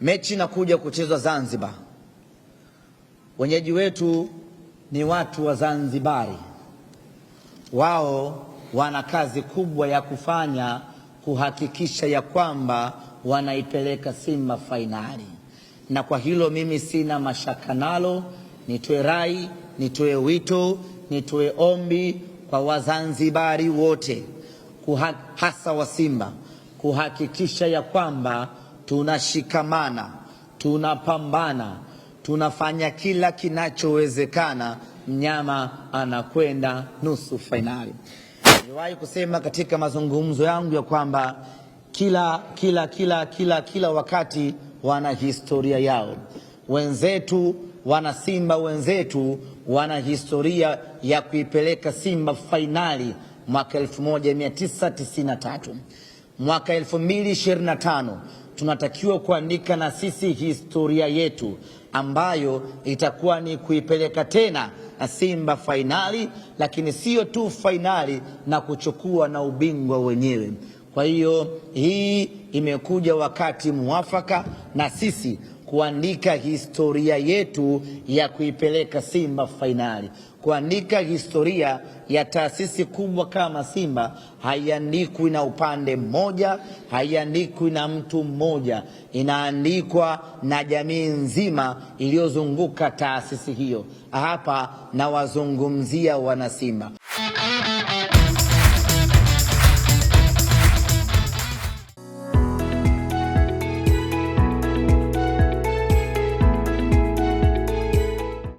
Mechi inakuja kuchezwa Zanzibar, wenyeji wetu ni watu wa Zanzibari, wao wana kazi kubwa ya kufanya kuhakikisha ya kwamba wanaipeleka Simba fainali, na kwa hilo mimi sina mashaka nalo. Nitoe rai, nitoe wito, nitoe ombi kwa Wazanzibari wote kuha, hasa wa Simba kuhakikisha ya kwamba tunashikamana, tunapambana, tunafanya kila kinachowezekana, mnyama anakwenda nusu fainali. Niliwahi kusema katika mazungumzo yangu ya kwamba kila kila kila kila kila wakati wana historia yao wenzetu wana Simba wenzetu wana historia ya kuipeleka Simba fainali mwaka 1993, mwaka 2025 tunatakiwa kuandika na sisi historia yetu ambayo itakuwa ni kuipeleka tena Simba fainali, lakini sio tu fainali na kuchukua na ubingwa wenyewe. Kwa hiyo hii imekuja wakati mwafaka na sisi kuandika historia yetu ya kuipeleka Simba fainali, kuandika historia ya taasisi kubwa kama Simba. Haiandikwi na upande mmoja, haiandikwi na mtu mmoja, inaandikwa na jamii nzima iliyozunguka taasisi hiyo. Hapa nawazungumzia wanasimba.